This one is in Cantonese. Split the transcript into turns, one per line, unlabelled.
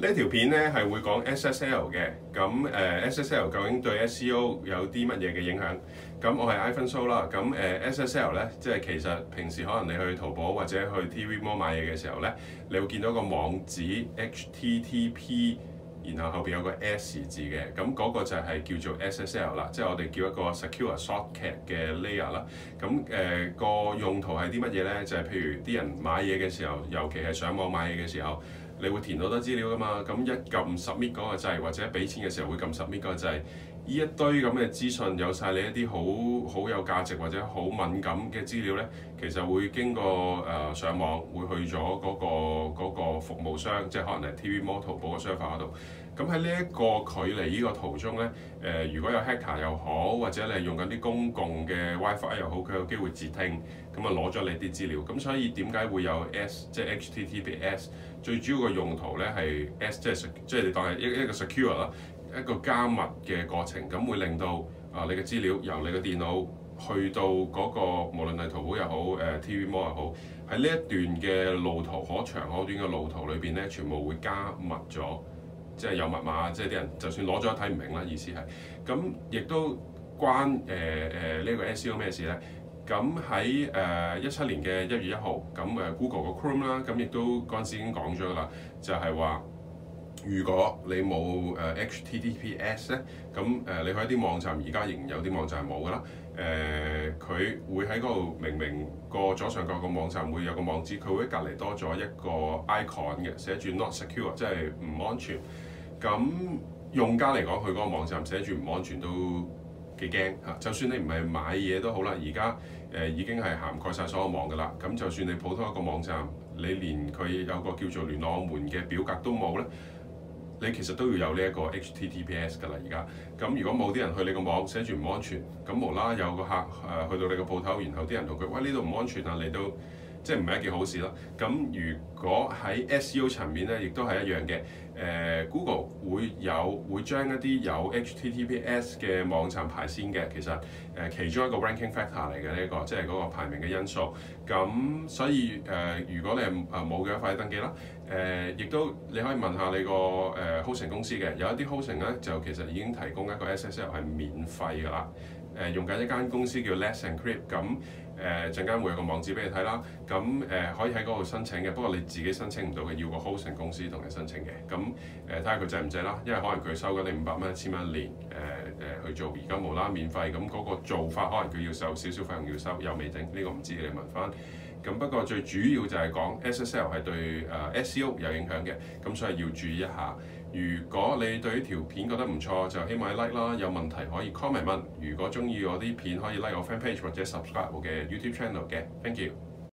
呢條片咧係會講 SSL 嘅，咁誒 SSL 究竟對 SEO 有啲乜嘢嘅影響？咁我係 Ivan So 啦，咁誒 SSL 咧，即係其實平時可能你去淘寶或者去 TVmall 買嘢嘅時候咧，你會見到個網址 HTTP。Ht 然後後邊有個 S 字嘅，咁、那、嗰個就係叫做 SSL 啦，即係我哋叫一個 secure socket 嘅 layer 啦。咁誒、呃這個用途係啲乜嘢咧？就係、是、譬如啲人買嘢嘅時候，尤其係上網買嘢嘅時候，你會填好多資料噶嘛。咁一撳 submit 個掣，或者俾錢嘅時候會撳 submit 個掣。呢一堆咁嘅資訊，有晒你一啲好好有價值或者好敏感嘅資料咧，其實會經過誒上網，會去咗嗰個嗰個服務商，即係可能係 TV モール淘寶嘅商戶嗰度。咁喺呢一個距離呢個途中咧，誒、呃、如果有 hacker 又好，或者你係用緊啲公共嘅 WiFi 又好，佢有機會截聽，咁啊攞咗你啲資料。咁所以點解會有 S 即係 HTTPS？最主要個用途咧係 S，即係即係你當係一一個 secure 啦。一個加密嘅過程，咁會令到啊你嘅資料由你嘅電腦去到嗰、嗰個無論係淘寶又好，誒 TVB m 又好，喺呢一段嘅路途，可長可短嘅路途裏邊咧，全部會加密咗，即係有密碼，即係啲人就算攞咗都睇唔明啦，意思係。咁亦都關誒誒、呃呃呢個、呢個 SEO 咩事咧？咁喺誒一七年嘅一月一號，咁誒 Google 個 Chrome 啦，咁亦都嗰陣時已經講咗噶啦，就係、係、話。如果你冇誒 HTTPS 咧，咁誒你去一啲網站而家仍然有啲網站係冇㗎啦。誒、呃、佢會喺嗰度明明個左上角個網站會有個網址，佢會喺隔離多咗一個 icon 嘅，寫住 Not Secure，即係唔安全。咁用家嚟講，去嗰個網站寫住唔安全都幾驚嚇。就算你唔係買嘢都好啦，而家誒已經係涵蓋晒所有網㗎啦。咁就算你普通一個網站，你連佢有個叫做聯絡我們嘅表格都冇咧。你其實都要有呢一個 HTTPS 㗎啦，而家咁如果冇啲人去你個網寫住唔安全，咁無啦啦有個客誒去到你個鋪頭，然後啲人同佢，喂，呢度唔安全啊！你都即係唔係一件好事咯。咁如果喺 SEO 層面咧，亦都係一樣嘅。誒、呃、Google 會有會將一啲有 HTTPS 嘅網站排先嘅，其實誒、呃、其中一個 ranking factor 嚟嘅呢一個，即係嗰個排名嘅因素。咁所以誒、呃，如果你係誒冇嘅，快啲登記啦。誒，亦都你可以問下你個誒 hosting 公司嘅，有一啲 hosting 咧就其實已經提供一個 SSL 係免費㗎啦。誒，用緊一間公司叫 Let's Encrypt，咁誒陣間會有個網址俾你睇啦。咁誒可以喺嗰度申請嘅，不過你自己申請唔到嘅，要個 hosting 公司同你申請嘅。咁誒睇下佢制唔制啦，因為可能佢收緊你五百蚊、一千蚊一年，誒誒去做，而家冇啦免費，咁嗰個做法可能佢要收少少費用要收，又未整，呢、這個唔知你問翻。咁不過最主要就係講 SSL 係對誒、uh, SEO 有影響嘅，咁所以要注意一下。如果你對呢條片覺得唔錯，就希望你 like 啦。有問題可以 comment 問。如果中意我啲片，可以 like 我 fan page 或者 subscribe 我嘅 YouTube channel 嘅。Thank you。